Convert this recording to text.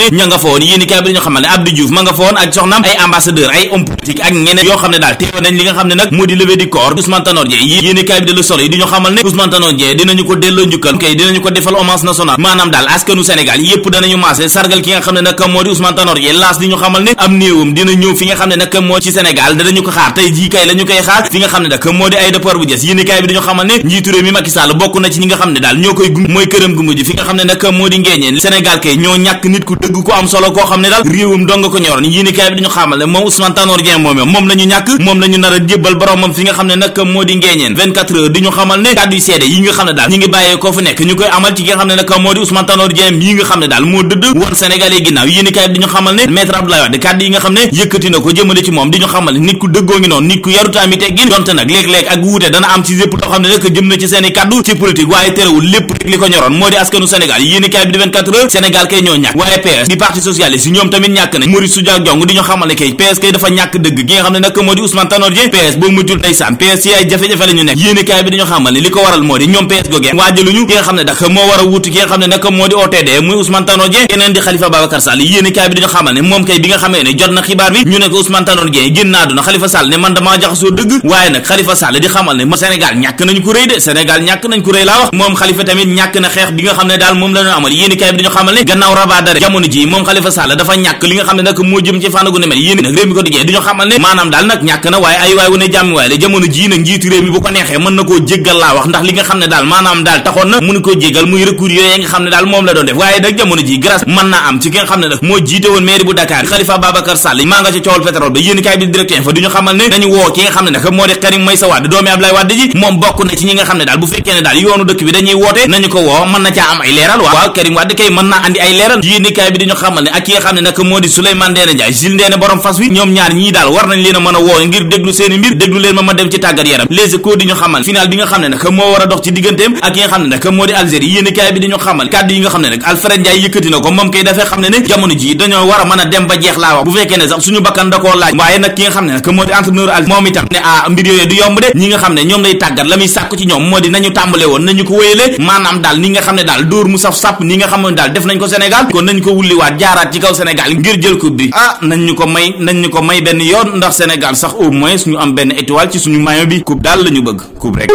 xam ne ña fa woon yéeni bi dañu xamal ne Abdou Diouf ma nga fa woon ak soxnaam ay ambassadeur ay homme politique ak ñeneen yoo xam ne daal teewoon nañ li nga xam ne nag moo di levée du corps Ousmane Tanor Dieng yéeni bi de xamal ne am néewam dina ñëw fi nga xam ne nag moo ci Sénégal danañu ko xaar tey jii kay lañu koy xaar fi nga xam ne nag moo di aéroport bu Diass bi dañu xamal ne njiitu mi Macky bokk na ci ñi nga xam ne dëgg ko am solo koo xam ne daal réewum dong ko ñoroon yéenekaay bi dañu xamal ne moom Ousmane Tanor Dieng moom moom la ñàkk moom la ñu nar a fi nga xam ne nag moo di ngeeñeen 24 heures di ñu xamal ne kàddu seede yi nga xam ne daal moo di Ousmane Tanor yi nga xam ne daal moo dëdd xamal ne maître Abdoulaye Wade kàddu yi nga xam ne yëkkati na ko jëmale ci moom di ñu xamal ne nit ku dëggoo ngi noonu nit ku yarutaami teggin PS di parti socialiste ñoom tamit ñàkk a nañu ko réy de Sénégal ñàkk nañ ko réy laa wax moom Khalifa tamit ñàkk na xeex bi nga xam ne daal moom la amal yéenekaay bi di xamal ne gannaaw rabaa jamono jamono ji moom Khalifa Sall dafa ñàkk li nga xam ne nag moo jiite woon mairie bu Dakar Khalifa Babacar Sall maa nga ci coowal ba yéen kaay bi direct info du ñu xamal ne dañu woo ki nga xam ne nag moo di Karim Meïssa Wade doomi Abdoulaye Wade ji moom bokk na ci ñi nga xam ne daal bu fekkee ne daal yoonu dëkk bi dañuy woote nañu ko woo mën na caa am ay leeral waaw Karim Wade kay mën naa andi ay leeral yéen yéenekaay bi di ñu xamal ne ak ki nga xam ne nag moo di Souleymane Ndéné Ndiaye Jules Ndéné borom fas wi ñoom ñaar ñii daal war nañ leen a mën a woo ngir déglu seeni mbir déglu leen ma ma dem ci tàggat yaram Les Échos di ñu xamal final bi nga xam ne nag moo war a dox ci digganteem ak ki nga xam ne nag moo di Algérie yéenekaay bi di ñu xamal kàddu yi nga xam ne nag Alfred Ndiaye yëkkati na ko moom kay dafay xam ne ne jamono ji dañoo war a mën a dem ba jeex laa wax bu fekkee ne sax suñu bakkan da koo laaj waaye nag ki nga xam ne nag moo di entraîneur al moom itam ne ah mbir yooyu du yomb de ñi nga xam ne ñoom lay tàggat la muy sàkk ci ñoom moo di nañu tàmbale woon nañu ko wéyale maanaam daal ni nga xam ne daal dóor mu saf sàpp ni nga xam ne daal def nañ ko Sénégal kon nañ ko wulliwaat jaaraat ci kaw Sénégal ngir jël coupe bi ah nañ ñu ko may nañ ñu ko may benn yoon ndax Sénégal sax au moins ñu am benn étoile ci suñu maillot bi kub daal la ñu bëgg coupe rek.